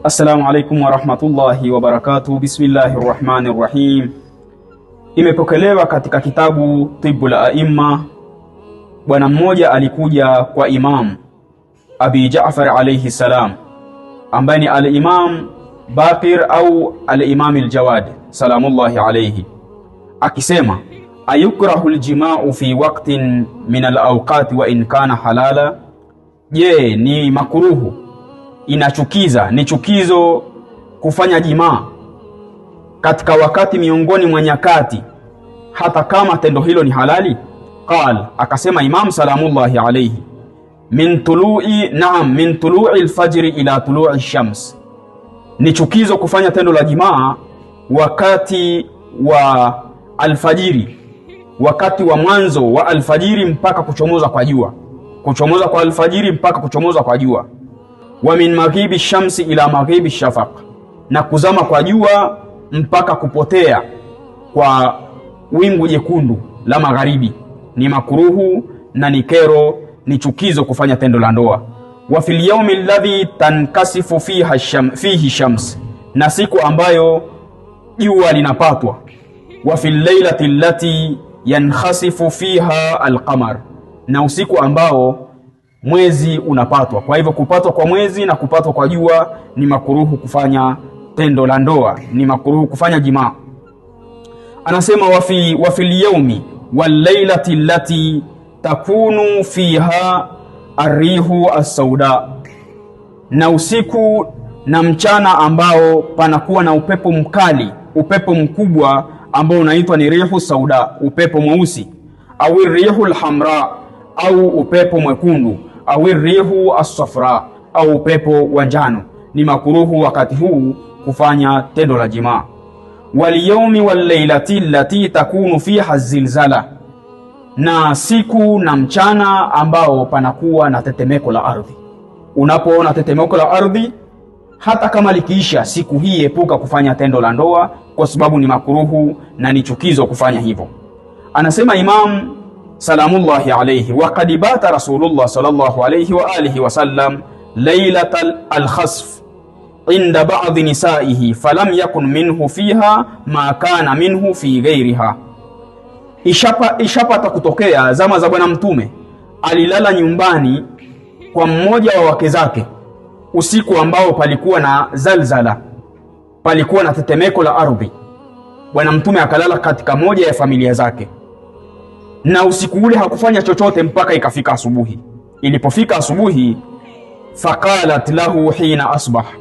Assalamu alaikum warahmatullahi wabarakatuh. Bismillahi rahmani rahim. Imepokelewa katika kitabu Tibu la Aima, bwana mmoja alikuja kwa imam Abi Jaafar alaihi salam, ambaye ni alimam imam Bakir au alimam imam al-Jawad salamullahi alaihi, akisema ayukrahu aljimau fi waqtin min alawqati wa in kana halala, je, ni makuruhu inachukiza, ni chukizo kufanya jimaa katika wakati miongoni mwa nyakati, hata kama tendo hilo ni halali. Qal, akasema Imam salamullahi alayhi, min tului naam, min tului lfajri ila tului shams, ni chukizo kufanya tendo la jimaa wakati wa alfajiri, wakati wa mwanzo wa alfajiri mpaka kuchomoza kwa jua, kuchomoza kwa alfajiri mpaka kuchomoza kwa jua wa min maghibi shamsi ila maghibi shafaq, na kuzama kwa jua mpaka kupotea kwa wingu jekundu la magharibi. Ni makuruhu na ni kero, ni chukizo kufanya tendo la ndoa. Wa fil yawmi alladhi tankasifu fiha sham, fihi shams, na siku ambayo jua linapatwa. Wa fil laylati allati yankhasifu fiha alqamar, na usiku ambao mwezi unapatwa. Kwa hivyo kupatwa kwa mwezi na kupatwa kwa jua ni makuruhu kufanya tendo la ndoa, ni makuruhu kufanya jimaa. Anasema wafi wafil yaumi wallailati allati takunu fiha arrihu assauda, na usiku na mchana ambao panakuwa na upepo mkali, upepo mkubwa ambao unaitwa ni rihu sauda, upepo mweusi, au rihu alhamra, au upepo mwekundu awi rihu assafra au upepo wa njano, ni makuruhu wakati huu kufanya tendo la jimaa. Walyaumi walleilati lati takunu fiha zilzala, na siku na mchana ambao panakuwa na tetemeko la ardhi. Unapoona tetemeko la ardhi, hata kama likiisha siku hii, epuka kufanya tendo la ndoa, kwa sababu ni makuruhu na ni chukizo kufanya hivyo. Anasema Imam salamullahi alayhi wa qad bata rasulullah sallallahu alayhi wa alihi wa sallam ليلة الخسف عند بعض نسائه فلم يكن منه fiha ma kana minhu fi ghairiha ishapata kutokea zama za bwana mtume alilala nyumbani kwa mmoja wa wake zake usiku ambao palikuwa na zalzala palikuwa na tetemeko la ardhi bwana mtume akalala katika moja ya familia zake na usiku ule hakufanya chochote mpaka ikafika asubuhi. Ilipofika asubuhi, faqalat lahu hina asbah